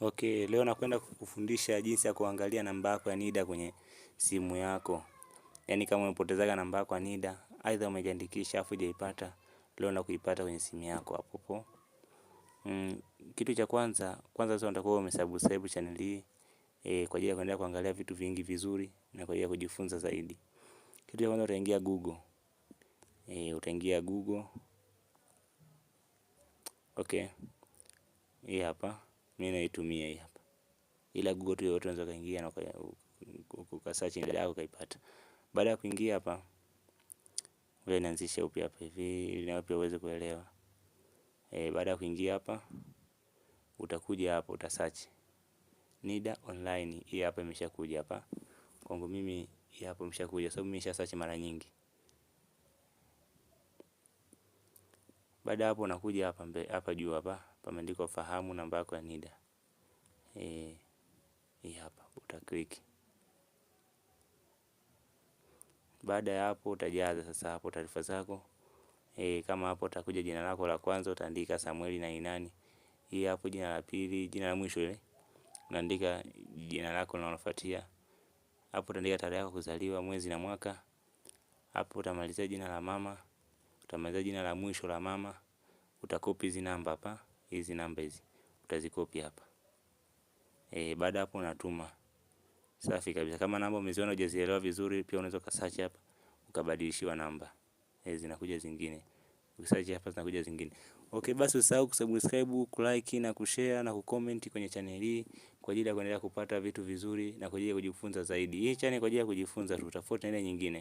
Okay, leo nakwenda kukufundisha jinsi ya kuangalia namba yako ya NIDA kwenye simu yako. Yaani kama umepotezaga namba yako ya NIDA, aidha umejiandikisha afu hujaipata, leo na kuipata kwenye simu yako hapo. hapo. Mm, kitu cha kwanza, kwanza sasa utakuwa umesubscribe channel hii e, kwa ajili ya kuendelea kuangalia vitu vingi vizuri na kwa ajili ya kujifunza zaidi. Kitu cha kwanza utaingia Google. Eh, utaingia Google. Okay hii hapa mimi naitumia hii hapa, ila Google tu yote unaweza kaingia na ukasearch ile yako kaipata. Baada ya kuingia hapa, wewe inaanzisha upya hapa hivi ili na wapi uweze kuelewa. Eh, baada ya kuingia hapa utakuja hapa utasearch NIDA online. Hii hapa imeshakuja hapa kwangu mimi, hii hapa imeshakuja sababu so, nimesha search mara nyingi. Baada hapo unakuja hapa mbele hapa juu hapa pameandikwa fahamu namba yako ya NIDA. Eh, hii hapa uta click. Baada ya hapo utajaza sasa hapo taarifa zako. E, kama hapo utakuja jina lako la kwanza utaandika Samuel na inani. Hii hapo jina la pili, jina la mwisho ile. Unaandika jina lako linalofuatia. Hapo utaandika tarehe yako kuzaliwa, mwezi na mwaka. Hapo utamalizia jina la mama, utamalizia jina la mwisho la mama utakopi hizi namba hapa, hizi namba hizi utazikopi hapa e. Baada hapo unatuma. Safi kabisa. Kama namba umeziona hujazielewa vizuri, pia unaweza ukasearch hapa ukabadilishiwa namba e, zinakuja zingine ukisearch hapa zinakuja zingine. Okay, basi usahau kusubscribe, kulike na kushare na kucomment kwenye channel hii kwa ajili ya kuendelea kupata vitu vizuri na kwa ajili ya kujifunza zaidi. Hii channel kwa ajili ya kujifunza tu, tofauti na ile nyingine.